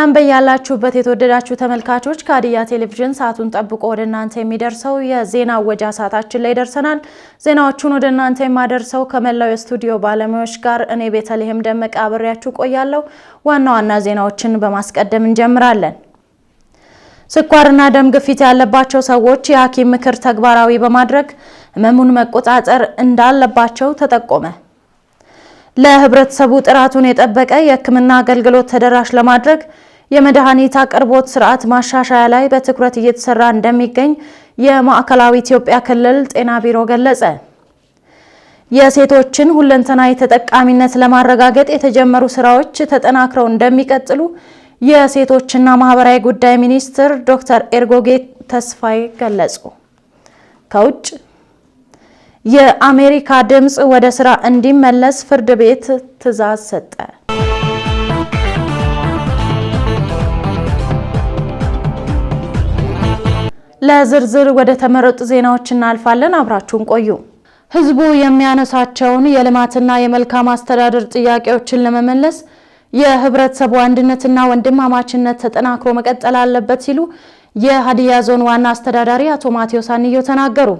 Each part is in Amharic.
ሰላም በያላችሁበት የተወደዳችሁ ተመልካቾች፣ ከሀዲያ ቴሌቪዥን ሰዓቱን ጠብቆ ወደ እናንተ የሚደርሰው የዜና ወጃ ሰዓታችን ላይ ደርሰናል። ዜናዎቹን ወደ እናንተ የማደርሰው ከመላው የስቱዲዮ ባለሙያዎች ጋር እኔ ቤተልሔም ደመቀ አብሬያችሁ ቆያለሁ። ዋና ዋና ዜናዎችን በማስቀደም እንጀምራለን። ስኳርና ደም ግፊት ያለባቸው ሰዎች የሐኪም ምክር ተግባራዊ በማድረግ ህመሙን መቆጣጠር እንዳለባቸው ተጠቆመ። ለህብረተሰቡ ጥራቱን የጠበቀ የህክምና አገልግሎት ተደራሽ ለማድረግ የመድኃኒት አቅርቦት ስርዓት ማሻሻያ ላይ በትኩረት እየተሰራ እንደሚገኝ የማዕከላዊ ኢትዮጵያ ክልል ጤና ቢሮ ገለጸ። የሴቶችን ሁለንተናዊ ተጠቃሚነት ለማረጋገጥ የተጀመሩ ስራዎች ተጠናክረው እንደሚቀጥሉ የሴቶችና ማህበራዊ ጉዳይ ሚኒስትር ዶክተር ኤርጎጌ ተስፋዬ ገለጹ። ከውጭ የአሜሪካ ድምፅ ወደ ስራ እንዲመለስ ፍርድ ቤት ትዕዛዝ ሰጠ። ለዝርዝር ወደ ተመረጡ ዜናዎች እናልፋለን። አብራችሁን ቆዩ። ህዝቡ የሚያነሳቸውን የልማትና የመልካም አስተዳደር ጥያቄዎችን ለመመለስ የህብረተሰቡ አንድነትና ወንድማማችነት ተጠናክሮ መቀጠል አለበት ሲሉ የሀዲያ ዞን ዋና አስተዳዳሪ አቶ ማቴዎስ አንዮ ተናገሩ።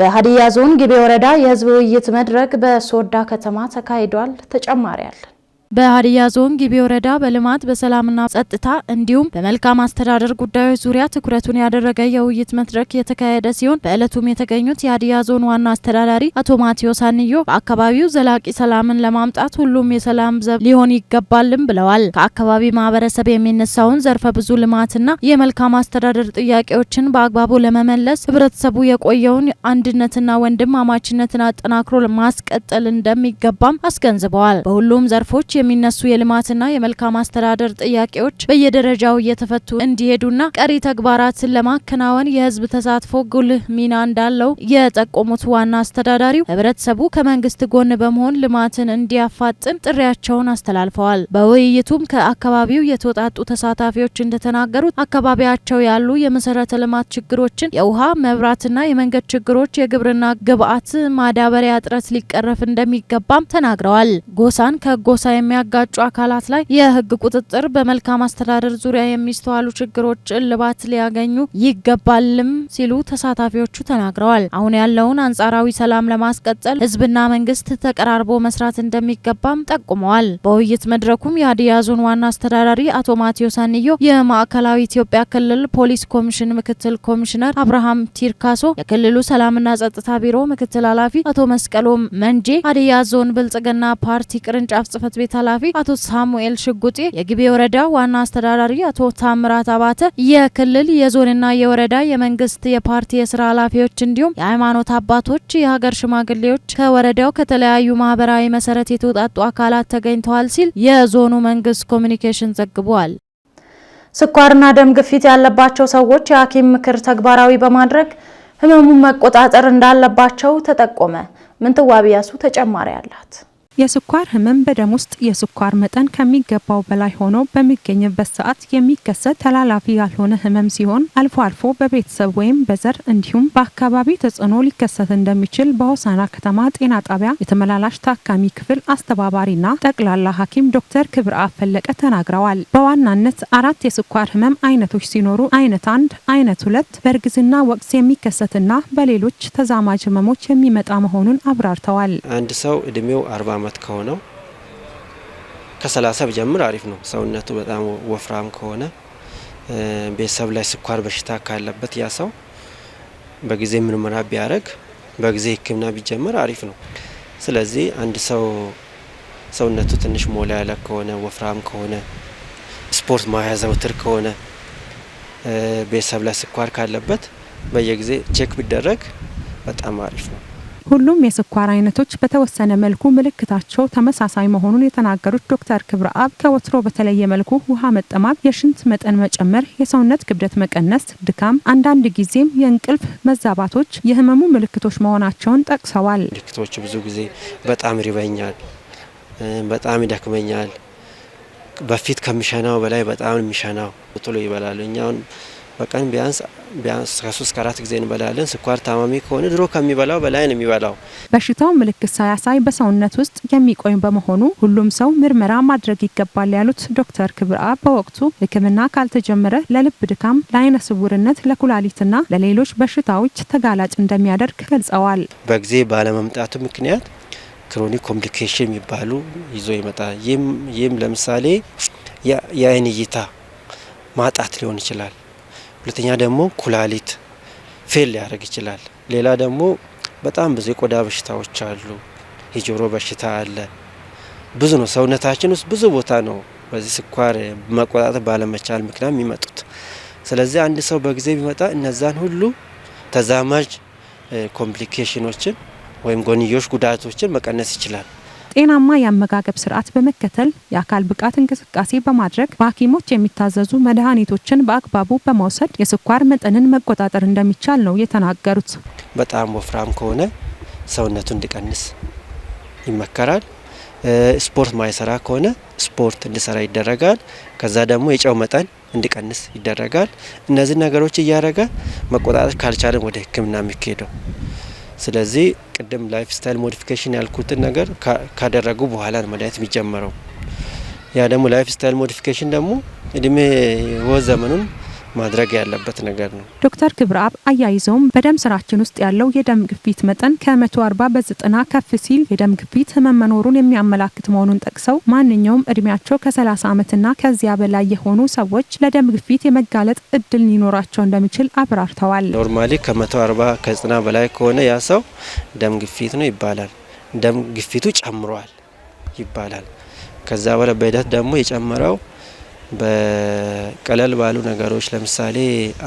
በሀዲያ ዞን ጊቤ ወረዳ የህዝብ ውይይት መድረክ በሶዳ ከተማ ተካሂዷል። ተጨማሪ አለን። በሀዲያ ዞን ጊቤ ወረዳ በልማት በሰላምና ጸጥታ እንዲሁም በመልካም አስተዳደር ጉዳዮች ዙሪያ ትኩረቱን ያደረገ የውይይት መድረክ የተካሄደ ሲሆን በዕለቱም የተገኙት የሀዲያ ዞን ዋና አስተዳዳሪ አቶ ማቴዎስ አንዮ በአካባቢው ዘላቂ ሰላምን ለማምጣት ሁሉም የሰላም ዘብ ሊሆን ይገባልም ብለዋል። ከአካባቢ ማህበረሰብ የሚነሳውን ዘርፈ ብዙ ልማትና የመልካም አስተዳደር ጥያቄዎችን በአግባቡ ለመመለስ ህብረተሰቡ የቆየውን አንድነትና ወንድማማችነትን አጠናክሮ ማስቀጠል እንደሚገባም አስገንዝበዋል። በሁሉም ዘርፎች የሚነሱ የልማትና የመልካም አስተዳደር ጥያቄዎች በየደረጃው እየተፈቱ እንዲሄዱና ቀሪ ተግባራትን ለማከናወን የህዝብ ተሳትፎ ጉልህ ሚና እንዳለው የጠቆሙት ዋና አስተዳዳሪው ህብረተሰቡ ከመንግስት ጎን በመሆን ልማትን እንዲያፋጥን ጥሪያቸውን አስተላልፈዋል። በውይይቱም ከአካባቢው የተወጣጡ ተሳታፊዎች እንደተናገሩት አካባቢያቸው ያሉ የመሰረተ ልማት ችግሮችን፣ የውሃ መብራትና የመንገድ ችግሮች፣ የግብርና ግብአት ማዳበሪያ እጥረት ሊቀረፍ እንደሚገባም ተናግረዋል። ጎሳን ከጎሳ በሚያጋጩ አካላት ላይ የህግ ቁጥጥር በመልካም አስተዳደር ዙሪያ የሚስተዋሉ ችግሮች እልባት ሊያገኙ ይገባልም ሲሉ ተሳታፊዎቹ ተናግረዋል። አሁን ያለውን አንጻራዊ ሰላም ለማስቀጠል ህዝብና መንግስት ተቀራርቦ መስራት እንደሚገባም ጠቁመዋል። በውይይት መድረኩም የሀዲያ ዞን ዋና አስተዳዳሪ አቶ ማቴዎስ አንዮ፣ የማዕከላዊ ኢትዮጵያ ክልል ፖሊስ ኮሚሽን ምክትል ኮሚሽነር አብርሃም ቲርካሶ፣ የክልሉ ሰላምና ጸጥታ ቢሮ ምክትል ኃላፊ አቶ መስቀሎ መንጄ፣ ሀዲያ ዞን ብልጽግና ፓርቲ ቅርንጫፍ ጽህፈት ቤት ቤት ኃላፊ አቶ ሳሙኤል ሽጉጤ፣ የግቤ ወረዳ ዋና አስተዳዳሪ አቶ ታምራት አባተ፣ የክልል የዞንና የወረዳ የመንግስት የፓርቲ የስራ ኃላፊዎች እንዲሁም የሃይማኖት አባቶች፣ የሀገር ሽማግሌዎች ከወረዳው ከተለያዩ ማህበራዊ መሰረት የተውጣጡ አካላት ተገኝተዋል ሲል የዞኑ መንግስት ኮሚኒኬሽን ዘግቧል። ስኳርና ደም ግፊት ያለባቸው ሰዎች የሐኪም ምክር ተግባራዊ በማድረግ ህመሙን መቆጣጠር እንዳለባቸው ተጠቆመ። ምንትዋብ ያሱ ተጨማሪ አላት። የስኳር ህመም በደም ውስጥ የስኳር መጠን ከሚገባው በላይ ሆኖ በሚገኝበት ሰዓት የሚከሰት ተላላፊ ያልሆነ ህመም ሲሆን አልፎ አልፎ በቤተሰብ ወይም በዘር እንዲሁም በአካባቢ ተጽዕኖ ሊከሰት እንደሚችል በሆሳና ከተማ ጤና ጣቢያ የተመላላሽ ታካሚ ክፍል አስተባባሪና ጠቅላላ ሐኪም ዶክተር ክብር አፈለቀ ተናግረዋል። በዋናነት አራት የስኳር ህመም አይነቶች ሲኖሩ አይነት አንድ፣ አይነት ሁለት በእርግዝና ወቅት የሚከሰትና በሌሎች ተዛማጅ ህመሞች የሚመጣ መሆኑን አብራርተዋል። አንድ ሰው እድሜው አርባ አመት ከሆነው ከሰላሳ ብጀምር አሪፍ ነው። ሰውነቱ በጣም ወፍራም ከሆነ ቤተሰብ ላይ ስኳር በሽታ ካለበት ያ ሰው በጊዜ ምርመራ ቢያደርግ በጊዜ ሕክምና ቢጀምር አሪፍ ነው። ስለዚህ አንድ ሰው ሰውነቱ ትንሽ ሞላ ያለ ከሆነ ወፍራም ከሆነ ስፖርት ማያዘውትር ከሆነ ቤተሰብ ላይ ስኳር ካለበት በየጊዜ ቼክ ቢደረግ በጣም አሪፍ ነው። ሁሉም የስኳር አይነቶች በተወሰነ መልኩ ምልክታቸው ተመሳሳይ መሆኑን የተናገሩት ዶክተር ክብረ አብ ከወትሮ በተለየ መልኩ ውሃ መጠማት፣ የሽንት መጠን መጨመር፣ የሰውነት ክብደት መቀነስ፣ ድካም፣ አንዳንድ ጊዜም የእንቅልፍ መዛባቶች የህመሙ ምልክቶች መሆናቸውን ጠቅሰዋል። ምልክቶች ብዙ ጊዜ በጣም ይርበኛል፣ በጣም ይደክመኛል፣ በፊት ከሚሸናው በላይ በጣም የሚሸናው ጥሎ ይበላል እኛውን በቀን ቢያንስ ቢያንስ ከሶስት ከአራት ጊዜ እንበላለን። ስኳር ታማሚ ከሆነ ድሮ ከሚበላው በላይ ነው የሚበላው። በሽታው ምልክት ሳያሳይ በሰውነት ውስጥ የሚቆይ በመሆኑ ሁሉም ሰው ምርመራ ማድረግ ይገባል ያሉት ዶክተር ክብረአብ በወቅቱ ሕክምና ካልተጀመረ ለልብ ድካም፣ ለአይነ ስውርነት፣ ለኩላሊትና ለሌሎች በሽታዎች ተጋላጭ እንደሚያደርግ ገልጸዋል። በጊዜ ባለመምጣቱ ምክንያት ክሮኒክ ኮምፕሊኬሽን የሚባሉ ይዞ ይመጣል። ይህም ለምሳሌ የአይን እይታ ማጣት ሊሆን ይችላል ሁለተኛ ደግሞ ኩላሊት ፌል ሊያደርግ ይችላል። ሌላ ደግሞ በጣም ብዙ የቆዳ በሽታዎች አሉ። የጆሮ በሽታ አለ። ብዙ ነው ሰውነታችን ውስጥ ብዙ ቦታ ነው በዚህ ስኳር መቆጣጠር ባለመቻል ምክንያት የሚመጡት። ስለዚህ አንድ ሰው በጊዜ ቢመጣ እነዛን ሁሉ ተዛማጅ ኮምፕሊኬሽኖችን ወይም ጎንዮሽ ጉዳቶችን መቀነስ ይችላል። ጤናማ የአመጋገብ ስርዓት በመከተል የአካል ብቃት እንቅስቃሴ በማድረግ በሐኪሞች የሚታዘዙ መድኃኒቶችን በአግባቡ በመውሰድ የስኳር መጠንን መቆጣጠር እንደሚቻል ነው የተናገሩት። በጣም ወፍራም ከሆነ ሰውነቱ እንዲቀንስ ይመከራል። ስፖርት ማይሰራ ከሆነ ስፖርት እንዲሰራ ይደረጋል። ከዛ ደግሞ የጨው መጠን እንዲቀንስ ይደረጋል። እነዚህ ነገሮች እያደረገ መቆጣጠር ካልቻለን ወደ ሕክምና የሚካሄደው ስለዚህ ቅድም ላይፍ ስታይል ሞዲፊኬሽን ያልኩትን ነገር ካደረጉ በኋላ ነው መድኃኒት የሚጀመረው። ያ ደግሞ ላይፍ ስታይል ሞዲፊኬሽን ደግሞ እድሜ ህይወት ዘመኑን ማድረግ ያለበት ነገር ነው። ዶክተር ክብረአብ አያይዘውም በደም ስራችን ውስጥ ያለው የደም ግፊት መጠን ከ140 በዘጠና ከፍ ሲል የደም ግፊት ህመም መኖሩን የሚያመላክት መሆኑን ጠቅሰው ማንኛውም እድሜያቸው ከ30 ዓመትና ከዚያ በላይ የሆኑ ሰዎች ለደም ግፊት የመጋለጥ እድል ሊኖራቸው እንደሚችል አብራርተዋል። ኖርማሊ ከ140 ከዘጠና በላይ ከሆነ ያ ሰው ደም ግፊት ነው ይባላል። ደም ግፊቱ ጨምሯል ይባላል። ከዛ በላይ በሂደት ደግሞ የጨመረው በቀለል ባሉ ነገሮች ለምሳሌ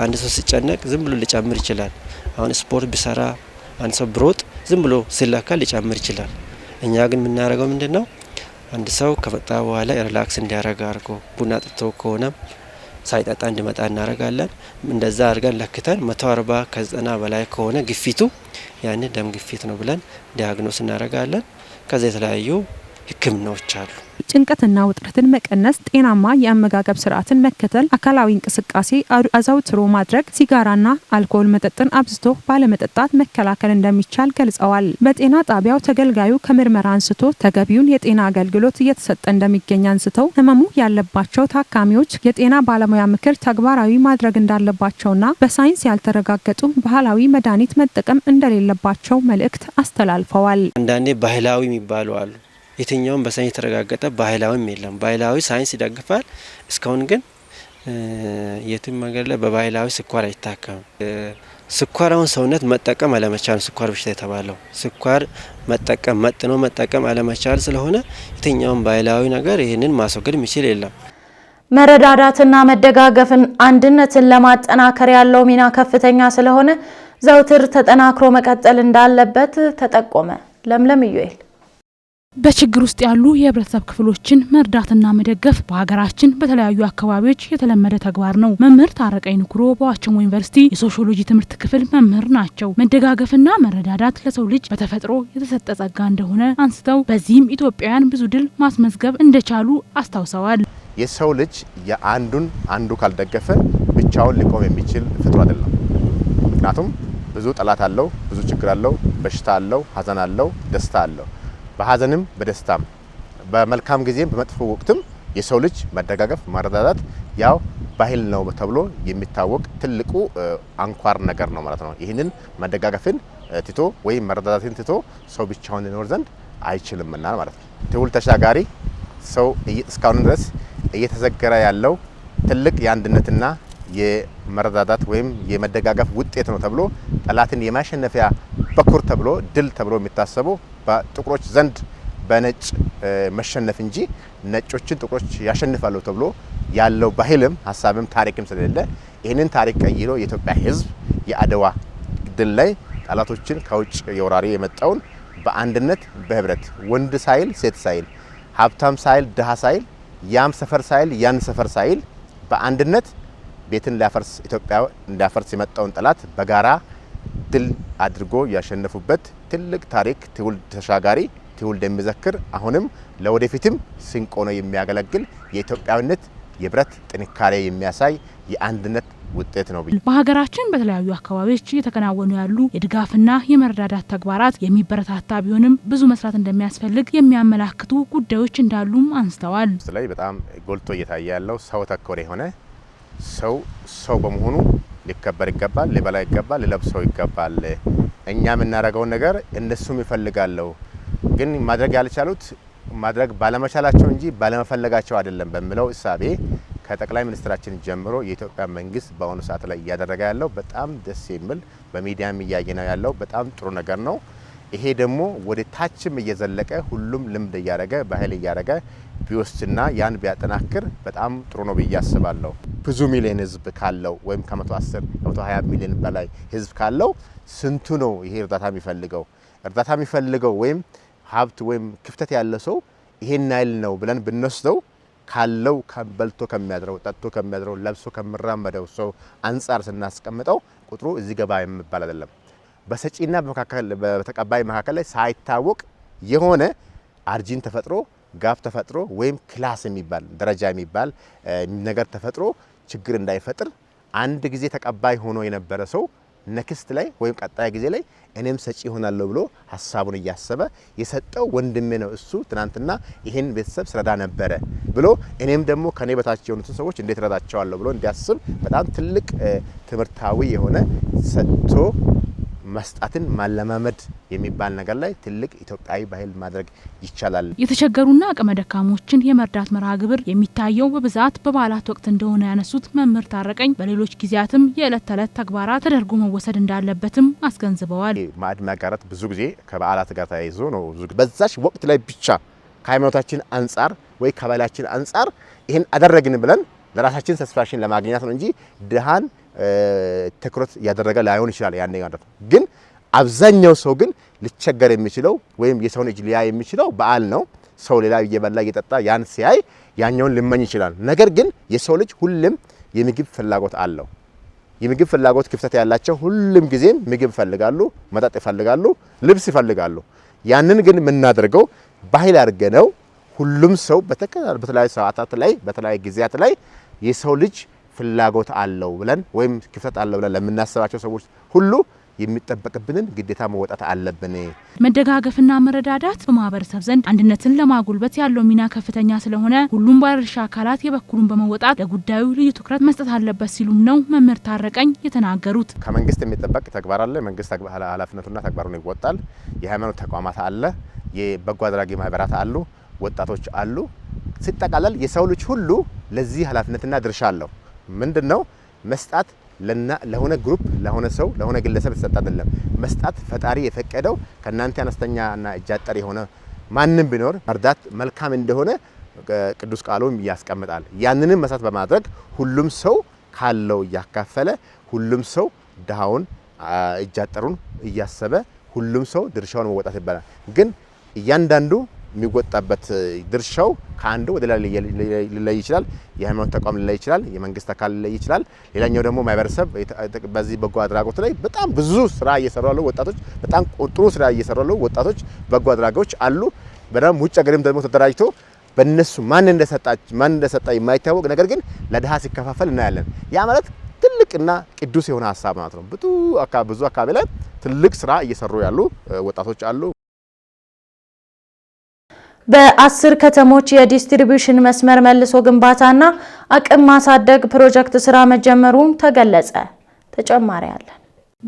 አንድ ሰው ሲጨነቅ ዝም ብሎ ሊጨምር ይችላል። አሁን ስፖርት ቢሰራ አንድ ሰው ብሮጥ ዝም ብሎ ሲላካ ሊጨምር ይችላል። እኛ ግን የምናደርገው ምንድን ነው? አንድ ሰው ከመጣ በኋላ ሪላክስ እንዲያደርግ አድርጎ ቡና ጥቶ ከሆነ ሳይጠጣ እንዲመጣ እናደርጋለን። እንደዛ አድርገን ለክተን መቶ አርባ ከዘጠና በላይ ከሆነ ግፊቱ ያን ደም ግፊት ነው ብለን ዲያግኖስ እናደርጋለን። ከዚ የተለያዩ ህክምናዎች አሉ። ጭንቀትና ውጥረትን መቀነስ፣ ጤናማ የአመጋገብ ስርዓትን መከተል፣ አካላዊ እንቅስቃሴ አዘውትሮ ማድረግ፣ ሲጋራና አልኮል መጠጥን አብዝቶ ባለመጠጣት መከላከል እንደሚቻል ገልጸዋል። በጤና ጣቢያው ተገልጋዩ ከምርመራ አንስቶ ተገቢውን የጤና አገልግሎት እየተሰጠ እንደሚገኝ አንስተው ህመሙ ያለባቸው ታካሚዎች የጤና ባለሙያ ምክር ተግባራዊ ማድረግ እንዳለባቸውና በሳይንስ ያልተረጋገጡ ባህላዊ መድኃኒት መጠቀም እንደሌለባቸው መልእክት አስተላልፈዋል። አንዳንዴ ባህላዊ የሚባሉ አሉ የትኛውም በሳይንስ የተረጋገጠ ባህላዊም የለም። ባህላዊ ሳይንስ ይደግፋል። እስካሁን ግን የትም ሀገር ላይ በባህላዊ ስኳር አይታከምም። ስኳር አሁን ሰውነት መጠቀም አለመቻል ስኳር በሽታ የተባለው ስኳር መጠቀም መጥኖ መጠቀም አለመቻል ስለሆነ የትኛውም ባህላዊ ነገር ይህንን ማስወገድ የሚችል የለም። መረዳዳትና መደጋገፍን አንድነትን ለማጠናከር ያለው ሚና ከፍተኛ ስለሆነ ዘውትር ተጠናክሮ መቀጠል እንዳለበት ተጠቆመ። ለምለም ዩኤል በችግር ውስጥ ያሉ የህብረተሰብ ክፍሎችን መርዳትና መደገፍ በሀገራችን በተለያዩ አካባቢዎች የተለመደ ተግባር ነው። መምህር ታረቀኝ ንኩሮ በዋቸሞ ዩኒቨርሲቲ የሶሺዮሎጂ ትምህርት ክፍል መምህር ናቸው። መደጋገፍና መረዳዳት ለሰው ልጅ በተፈጥሮ የተሰጠ ጸጋ እንደሆነ አንስተው በዚህም ኢትዮጵያውያን ብዙ ድል ማስመዝገብ እንደቻሉ አስታውሰዋል። የሰው ልጅ የአንዱን አንዱ ካልደገፈ ብቻውን ሊቆም የሚችል ፍጡር አይደለም። ምክንያቱም ብዙ ጠላት አለው፣ ብዙ ችግር አለው፣ በሽታ አለው፣ ሀዘን አለው፣ ደስታ አለው በሀዘንም በደስታም በመልካም ጊዜም በመጥፎ ወቅትም የሰው ልጅ መደጋገፍ መረዳዳት ያው ባህል ነው ተብሎ የሚታወቅ ትልቁ አንኳር ነገር ነው ማለት ነው። ይህንን መደጋገፍን ትቶ ወይም መረዳዳትን ትቶ ሰው ብቻውን ሊኖር ዘንድ አይችልምና ማለት ነው። ትውልድ ተሻጋሪ ሰው እስካሁን ድረስ እየተዘገረ ያለው ትልቅ የአንድነትና የመረዳዳት ወይም የመደጋገፍ ውጤት ነው ተብሎ ጠላትን የማሸነፊያ በኩር ተብሎ ድል ተብሎ የሚታሰበው በጥቁሮች ዘንድ በነጭ መሸነፍ እንጂ ነጮችን ጥቁሮች ያሸንፋሉ ተብሎ ያለው ባህልም ሀሳብም ታሪክም ስለሌለ ይህንን ታሪክ ቀይሮ የኢትዮጵያ ሕዝብ የአድዋ ድል ላይ ጠላቶችን ከውጭ የወራሪ የመጣውን በአንድነት በህብረት ወንድ ሳይል ሴት ሳይል ሀብታም ሳይል ድሃ ሳይል ያም ሰፈር ሳይል ያን ሰፈር ሳይል በአንድነት ቤትን ሊያፈርስ ኢትዮጵያ እንዲያፈርስ የመጣውን ጠላት በጋራ ድል አድርጎ ያሸነፉበት ትልቅ ታሪክ ትውልድ ተሻጋሪ ትውልድ የሚዘክር አሁንም ለወደፊትም ስንቅ ሆኖ የሚያገለግል የኢትዮጵያዊነት የብረት ጥንካሬ የሚያሳይ የአንድነት ውጤት ነው። በሀገራችን በተለያዩ አካባቢዎች እየተከናወኑ ያሉ የድጋፍና የመረዳዳት ተግባራት የሚበረታታ ቢሆንም ብዙ መስራት እንደሚያስፈልግ የሚያመላክቱ ጉዳዮች እንዳሉም አንስተዋል። ላይ በጣም ጎልቶ እየታየ ያለው ሰው ተኮር የሆነ ሰው ሰው በመሆኑ ሊከበር ይገባል፣ ሊበላ ይገባል፣ ሊለብሰው ይገባል እኛ የምናደርገውን ነገር እነሱም ይፈልጋለሁ፣ ግን ማድረግ ያልቻሉት ማድረግ ባለመቻላቸው እንጂ ባለመፈለጋቸው አይደለም በሚለው እሳቤ ከጠቅላይ ሚኒስትራችን ጀምሮ የኢትዮጵያ መንግስት በአሁኑ ሰዓት ላይ እያደረገ ያለው በጣም ደስ የሚል በሚዲያም እያየ ነው ያለው በጣም ጥሩ ነገር ነው። ይሄ ደግሞ ወደ ታችም እየዘለቀ ሁሉም ልምድ እያደረገ ባህል እያደረገ ቢወስድና ያን ቢያጠናክር በጣም ጥሩ ነው ብዬ አስባለሁ። ብዙ ሚሊዮን ህዝብ ካለው ወይም ከ110 120 ሚሊዮን በላይ ህዝብ ካለው ስንቱ ነው ይሄ እርዳታ የሚፈልገው? እርዳታ የሚፈልገው ወይም ሀብት ወይም ክፍተት ያለ ሰው ይሄን ያህል ነው ብለን ብንወስደው ካለው በልቶ ከሚያድረው ጠጥቶ ከሚያድረው ለብሶ ከሚራመደው ሰው አንጻር ስናስቀምጠው ቁጥሩ እዚህ ገባ የሚባል አይደለም። በሰጪና በተቀባይ መካከል ላይ ሳይታወቅ የሆነ አርጂን ተፈጥሮ ጋፍ ተፈጥሮ ወይም ክላስ የሚባል ደረጃ የሚባል ነገር ተፈጥሮ ችግር እንዳይፈጥር አንድ ጊዜ ተቀባይ ሆኖ የነበረ ሰው ነክስት ላይ ወይም ቀጣይ ጊዜ ላይ እኔም ሰጪ ይሆናለሁ ብሎ ሀሳቡን እያሰበ የሰጠው ወንድሜ ነው እሱ ትናንትና ይህን ቤተሰብ ስረዳ ነበረ ብሎ እኔም ደግሞ ከኔ በታች የሆኑትን ሰዎች እንዴት ረዳቸዋለሁ ብሎ እንዲያስብ በጣም ትልቅ ትምህርታዊ የሆነ ሰጥቶ መስጣትን ማለማመድ የሚባል ነገር ላይ ትልቅ ኢትዮጵያዊ ባህል ማድረግ ይቻላል። የተቸገሩና አቅመ ደካሞችን የመርዳት መርሃ ግብር የሚታየው በብዛት በበዓላት ወቅት እንደሆነ ያነሱት መምህር ታረቀኝ በሌሎች ጊዜያትም የዕለት ተዕለት ተግባራት ተደርጎ መወሰድ እንዳለበትም አስገንዝበዋል። ማዕድ ማጋራት ብዙ ጊዜ ከበዓላት ጋር ተያይዞ ነው። በዛች ወቅት ላይ ብቻ ከሃይማኖታችን አንጻር ወይ ከባህላችን አንጻር ይህን አደረግን ብለን ለራሳችን ሰስፋሽን ለማግኘት ነው እንጂ ድሃን ትኩረት እያደረገ ላይሆን ይችላል። ያኔ ማለት ግን አብዛኛው ሰው ግን ሊቸገር የሚችለው ወይም የሰውን እጅ ሊያይ የሚችለው በዓል ነው። ሰው ሌላ እየበላ እየጠጣ ያን ሲያይ ያኛውን ልመኝ ይችላል። ነገር ግን የሰው ልጅ ሁሉም የምግብ ፍላጎት አለው። የምግብ ፍላጎት ክፍተት ያላቸው ሁሉም ጊዜም ምግብ ይፈልጋሉ፣ መጠጥ ይፈልጋሉ፣ ልብስ ይፈልጋሉ። ያንን ግን የምናደርገው ባህል አድርገነው ሁሉም ሰው በተለያዩ ሰዓታት ላይ በተለያዩ ጊዜያት ላይ የሰው ልጅ ፍላጎት አለው ብለን ወይም ክፍተት አለው ብለን ለምናስባቸው ሰዎች ሁሉ የሚጠበቅብንን ግዴታ መወጣት አለብን። መደጋገፍና መረዳዳት በማህበረሰብ ዘንድ አንድነትን ለማጉልበት ያለው ሚና ከፍተኛ ስለሆነ ሁሉም ባለድርሻ አካላት የበኩሉን በመወጣት ለጉዳዩ ልዩ ትኩረት መስጠት አለበት ሲሉም ነው መምህር ታረቀኝ የተናገሩት። ከመንግስት የሚጠበቅ ተግባር አለ። መንግስት ኃላፊነቱና ተግባሩን ይወጣል። የሃይማኖት ተቋማት አለ፣ የበጎ አድራጊ ማህበራት አሉ፣ ወጣቶች አሉ። ሲጠቃለል የሰው ልጅ ሁሉ ለዚህ ኃላፊነትና ድርሻ አለው። ምንድን ነው መስጣት ለሆነ ግሩፕ ለሆነ ሰው ለሆነ ግለሰብ የተሰጠ አይደለም። መስጣት ፈጣሪ የፈቀደው ከእናንተ አነስተኛና እጃጠር የሆነ ማንም ቢኖር መርዳት መልካም እንደሆነ ቅዱስ ቃሉም ያስቀምጣል። ያንንም መስጣት በማድረግ ሁሉም ሰው ካለው እያካፈለ ሁሉም ሰው ድሃውን እጃጠሩን እያሰበ ሁሉም ሰው ድርሻውን መወጣት ይባላል። ግን እያንዳንዱ የሚወጣበት ድርሻው ከአንዱ ወደ ሌላ ሊለይ ይችላል። የሃይማኖት ተቋም ሊለይ ይችላል። የመንግስት አካል ሊለይ ይችላል። ሌላኛው ደግሞ ማህበረሰብ በዚህ በጎ አድራጎት ላይ በጣም ብዙ ስራ እየሰሩ ያሉ ወጣቶች፣ በጣም ጥሩ ስራ እየሰሩ ያሉ ወጣቶች በጎ አድራጊዎች አሉ። በደም ውጭ ሀገርም ደግሞ ተደራጅቶ በእነሱ ማን እንደሰጣች ማን እንደሰጣ የማይታወቅ ነገር ግን ለድሃ ሲከፋፈል እናያለን። ያ ማለት ትልቅና ቅዱስ የሆነ ሀሳብ ማለት ነው። ብዙ አካባቢ ላይ ትልቅ ስራ እየሰሩ ያሉ ወጣቶች አሉ። በአስር ከተሞች የዲስትሪቢሽን መስመር መልሶ ግንባታና አቅም ማሳደግ ፕሮጀክት ስራ መጀመሩም ተገለጸ። ተጨማሪ አለ።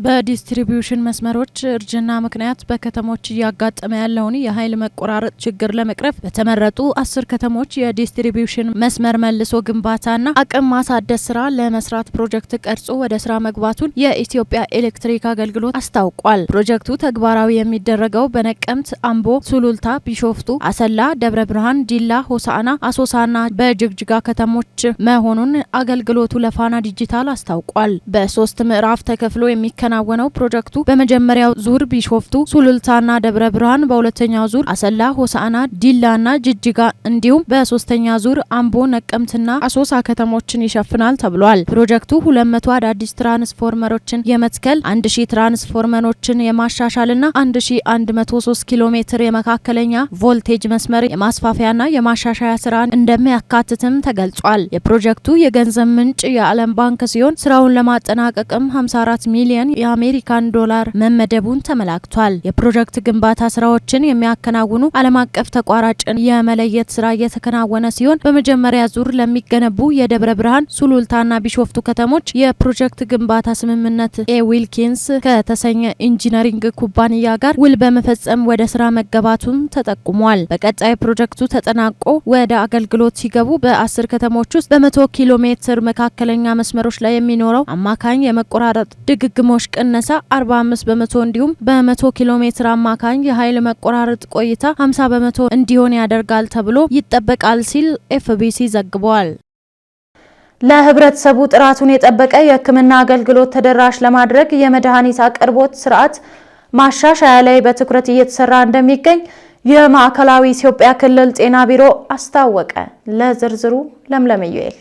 በዲስትሪቢዩሽን መስመሮች እርጅና ምክንያት በከተሞች እያጋጠመ ያለውን የኃይል መቆራረጥ ችግር ለመቅረፍ በተመረጡ አስር ከተሞች የዲስትሪቢዩሽን መስመር መልሶ ግንባታና አቅም ማሳደስ ስራ ለመስራት ፕሮጀክት ቀርጾ ወደ ስራ መግባቱን የኢትዮጵያ ኤሌክትሪክ አገልግሎት አስታውቋል። ፕሮጀክቱ ተግባራዊ የሚደረገው በነቀምት፣ አምቦ፣ ሱሉልታ፣ ቢሾፍቱ፣ አሰላ፣ ደብረ ብርሃን፣ ዲላ፣ ሆሳና፣ አሶሳና በጅግጅጋ ከተሞች መሆኑን አገልግሎቱ ለፋና ዲጂታል አስታውቋል። በሶስት ምዕራፍ ተከፍሎ የሚ የሚከናወነው ፕሮጀክቱ በመጀመሪያው ዙር ቢሾፍቱ፣ ሱሉልታና ደብረ ብርሃን፣ በሁለተኛው ዙር አሰላ፣ ሆሳዕና፣ ዲላና ጅጅጋ እንዲሁም በሶስተኛ ዙር አምቦ፣ ነቀምትና አሶሳ ከተሞችን ይሸፍናል ተብሏል። ፕሮጀክቱ ሁለት መቶ አዳዲስ ትራንስፎርመሮችን የመትከል አንድ ሺ ትራንስፎርመሮችን የማሻሻልና አንድ ሺ አንድ መቶ ሶስት ኪሎ ሜትር የመካከለኛ ቮልቴጅ መስመር የማስፋፊያና የማሻሻያ ስራ እንደሚያካትትም ተገልጿል። የፕሮጀክቱ የገንዘብ ምንጭ የዓለም ባንክ ሲሆን ስራውን ለማጠናቀቅም 54 ሚሊየን ሚሊዮን የአሜሪካን ዶላር መመደቡን ተመላክቷል። የፕሮጀክት ግንባታ ስራዎችን የሚያከናውኑ ዓለም አቀፍ ተቋራጭን የመለየት ስራ እየተከናወነ ሲሆን በመጀመሪያ ዙር ለሚገነቡ የደብረ ብርሃን ሱሉልታና ቢሾፍቱ ከተሞች የፕሮጀክት ግንባታ ስምምነት ኤ ዊልኪንስ ከተሰኘ ኢንጂነሪንግ ኩባንያ ጋር ውል በመፈጸም ወደ ስራ መገባቱን ተጠቁሟል። በቀጣይ ፕሮጀክቱ ተጠናቆ ወደ አገልግሎት ሲገቡ በአስር ከተሞች ውስጥ በመቶ ኪሎ ሜትር መካከለኛ መስመሮች ላይ የሚኖረው አማካኝ የመቆራረጥ ድግግሞች መኪናዎች ቅነሳ 45 በመቶ እንዲሁም በ100 ኪሎ ሜትር አማካኝ የኃይል መቆራረጥ ቆይታ 50 በመቶ እንዲሆን ያደርጋል ተብሎ ይጠበቃል ሲል ኤፍቢሲ ዘግቧል። ለህብረተሰቡ ጥራቱን የጠበቀ የሕክምና አገልግሎት ተደራሽ ለማድረግ የመድኃኒት አቅርቦት ስርዓት ማሻሻያ ላይ በትኩረት እየተሰራ እንደሚገኝ የማዕከላዊ ኢትዮጵያ ክልል ጤና ቢሮ አስታወቀ። ለዝርዝሩ ለምለም ዩኤል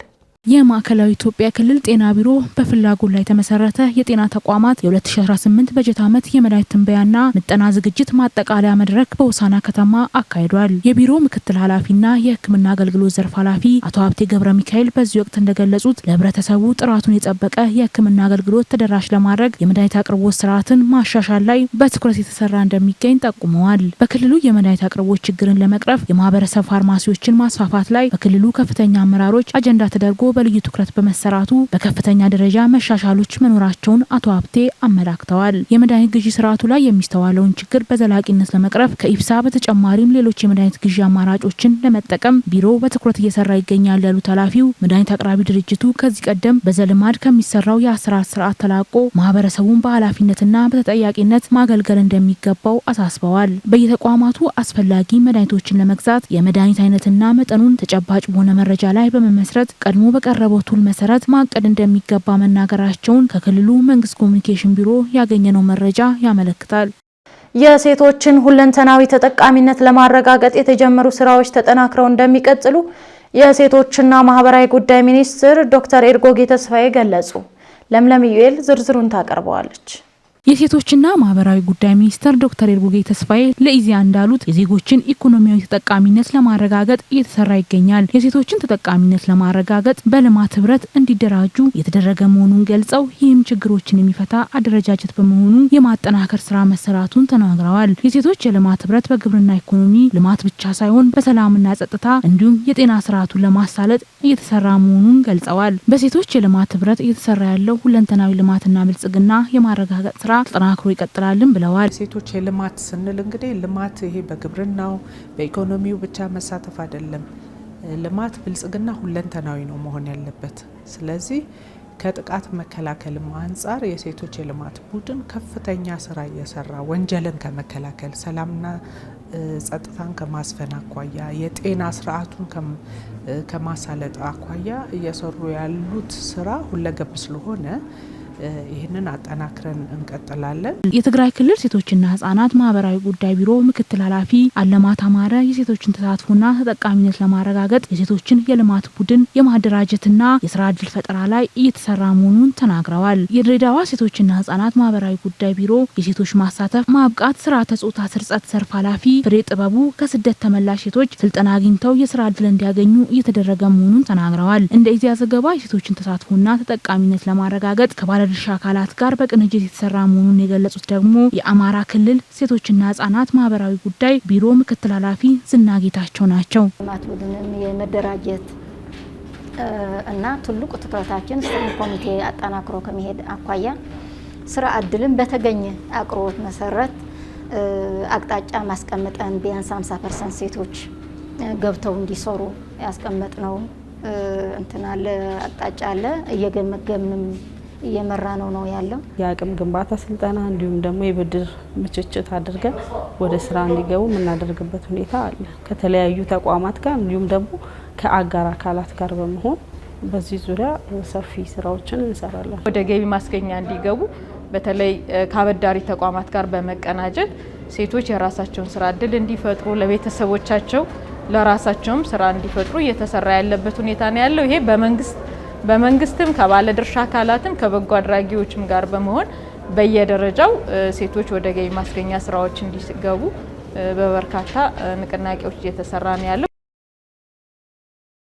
የማዕከላዊ ኢትዮጵያ ክልል ጤና ቢሮ በፍላጎት ላይ የተመሰረተ የጤና ተቋማት የ2018 በጀት ዓመት የመድኃኒት ትንበያና ምጠና ዝግጅት ማጠቃለያ መድረክ በውሳና ከተማ አካሂዷል። የቢሮ ምክትል ኃላፊና የሕክምና አገልግሎት ዘርፍ ኃላፊ አቶ ሀብቴ ገብረ ሚካኤል በዚህ ወቅት እንደገለጹት ለህብረተሰቡ ጥራቱን የጠበቀ የሕክምና አገልግሎት ተደራሽ ለማድረግ የመድኃኒት አቅርቦት ስርዓትን ማሻሻል ላይ በትኩረት የተሰራ እንደሚገኝ ጠቁመዋል። በክልሉ የመድኃኒት አቅርቦት ችግርን ለመቅረፍ የማህበረሰብ ፋርማሲዎችን ማስፋፋት ላይ በክልሉ ከፍተኛ አመራሮች አጀንዳ ተደርጎ በልዩ ትኩረት በመሰራቱ በከፍተኛ ደረጃ መሻሻሎች መኖራቸውን አቶ ሀብቴ አመላክተዋል። የመድኃኒት ግዢ ስርዓቱ ላይ የሚስተዋለውን ችግር በዘላቂነት ለመቅረፍ ከኢብሳ በተጨማሪም ሌሎች የመድኃኒት ግዢ አማራጮችን ለመጠቀም ቢሮ በትኩረት እየሰራ ይገኛል ያሉት ኃላፊው መድኃኒት አቅራቢ ድርጅቱ ከዚህ ቀደም በዘልማድ ከሚሰራው የአሰራር ስርዓት ተላቆ ማህበረሰቡን በኃላፊነትና በተጠያቂነት ማገልገል እንደሚገባው አሳስበዋል። በየተቋማቱ አስፈላጊ መድኃኒቶችን ለመግዛት የመድኃኒት አይነትና መጠኑን ተጨባጭ በሆነ መረጃ ላይ በመመስረት ቀድሞ በቀረበው ቱል መሰረት ማቀድ እንደሚገባ መናገራቸውን ከክልሉ መንግስት ኮሚኒኬሽን ቢሮ ያገኘነው መረጃ ያመለክታል። የሴቶችን ሁለንተናዊ ተጠቃሚነት ለማረጋገጥ የተጀመሩ ስራዎች ተጠናክረው እንደሚቀጥሉ የሴቶችና ማህበራዊ ጉዳይ ሚኒስትር ዶክተር ኤርጎጌ ተስፋዬ ገለጹ። ለምለም ዩኤል ዝርዝሩን ታቀርበዋለች። የሴቶችና ማህበራዊ ጉዳይ ሚኒስትር ዶክተር ኤርጎጌ ተስፋዬ ለኢዜአ እንዳሉት የዜጎችን ኢኮኖሚያዊ ተጠቃሚነት ለማረጋገጥ እየተሰራ ይገኛል። የሴቶችን ተጠቃሚነት ለማረጋገጥ በልማት ህብረት እንዲደራጁ የተደረገ መሆኑን ገልጸው ይህም ችግሮችን የሚፈታ አደረጃጀት በመሆኑ የማጠናከር ስራ መሰራቱን ተናግረዋል። የሴቶች የልማት ህብረት በግብርና ኢኮኖሚ ልማት ብቻ ሳይሆን በሰላምና ጸጥታ እንዲሁም የጤና ስርዓቱን ለማሳለጥ እየተሰራ መሆኑን ገልጸዋል። በሴቶች የልማት ህብረት እየተሰራ ያለው ሁለንተናዊ ልማትና ብልጽግና የማረጋገጥ ስራ ጠናክሮ ይቀጥላልን ብለዋል። ሴቶች የልማት ስንል እንግዲህ ልማት ይሄ በግብርናው በኢኮኖሚው ብቻ መሳተፍ አይደለም። ልማት ብልጽግና ሁለንተናዊ ነው መሆን ያለበት። ስለዚህ ከጥቃት መከላከልም አንጻር የሴቶች የልማት ቡድን ከፍተኛ ስራ እየሰራ ወንጀልን ከመከላከል ሰላምና ጸጥታን ከማስፈን አኳያ የጤና ስርዓቱን ከማሳለጥ አኳያ እየሰሩ ያሉት ስራ ሁለገብ ስለሆነ ይህንን አጠናክረን እንቀጥላለን። የትግራይ ክልል ሴቶችና ህጻናት ማህበራዊ ጉዳይ ቢሮ ምክትል ኃላፊ አለማት አማረ የሴቶችን ተሳትፎና ተጠቃሚነት ለማረጋገጥ የሴቶችን የልማት ቡድን የማደራጀትና የስራ እድል ፈጠራ ላይ እየተሰራ መሆኑን ተናግረዋል። የድሬዳዋ ሴቶችና ህጻናት ማህበራዊ ጉዳይ ቢሮ የሴቶች ማሳተፍ ማብቃት ስራ ጾታ ስርጸት ዘርፍ ኃላፊ ፍሬ ጥበቡ ከስደት ተመላሽ ሴቶች ስልጠና አግኝተው የስራ እድል እንዲያገኙ እየተደረገ መሆኑን ተናግረዋል። እንደ ኢዜአ ዘገባ የሴቶችን ተሳትፎና ተጠቃሚነት ለማረጋገጥ ከባለ ከባለድርሻ አካላት ጋር በቅንጅት የተሰራ መሆኑን የገለጹት ደግሞ የአማራ ክልል ሴቶችና ህጻናት ማህበራዊ ጉዳይ ቢሮ ምክትል ኃላፊ ዝናጌታቸው ናቸው። ልማት የመደራጀት እና ትልቁ ትኩረታችን ስቲሪንግ ኮሚቴ አጠናክሮ ከመሄድ አኳያ ስራ እድልም በተገኘ አቅርቦት መሰረት አቅጣጫ ማስቀምጠን ቢያንስ 50 ፐርሰንት ሴቶች ገብተው እንዲሰሩ ያስቀመጥ ነው አለ አቅጣጫ አለ እየገመገምንም እየመራ ነው ነው ያለው። የአቅም ግንባታ ስልጠና እንዲሁም ደግሞ የብድር ምችችት አድርገን ወደ ስራ እንዲገቡ የምናደርግበት ሁኔታ አለ። ከተለያዩ ተቋማት ጋር እንዲሁም ደግሞ ከአጋር አካላት ጋር በመሆን በዚህ ዙሪያ ሰፊ ስራዎችን እንሰራለን። ወደ ገቢ ማስገኛ እንዲገቡ በተለይ ከአበዳሪ ተቋማት ጋር በመቀናጀት ሴቶች የራሳቸውን ስራ እድል እንዲፈጥሩ ለቤተሰቦቻቸው ለራሳቸውም ስራ እንዲፈጥሩ እየተሰራ ያለበት ሁኔታ ነው ያለው። ይሄ በመንግስት በመንግስትም ከባለድርሻ አካላትም ከበጎ አድራጊዎችም ጋር በመሆን በየደረጃው ሴቶች ወደ ገቢ ማስገኛ ስራዎች እንዲገቡ በበርካታ ንቅናቄዎች እየተሰራ ነው ያለው።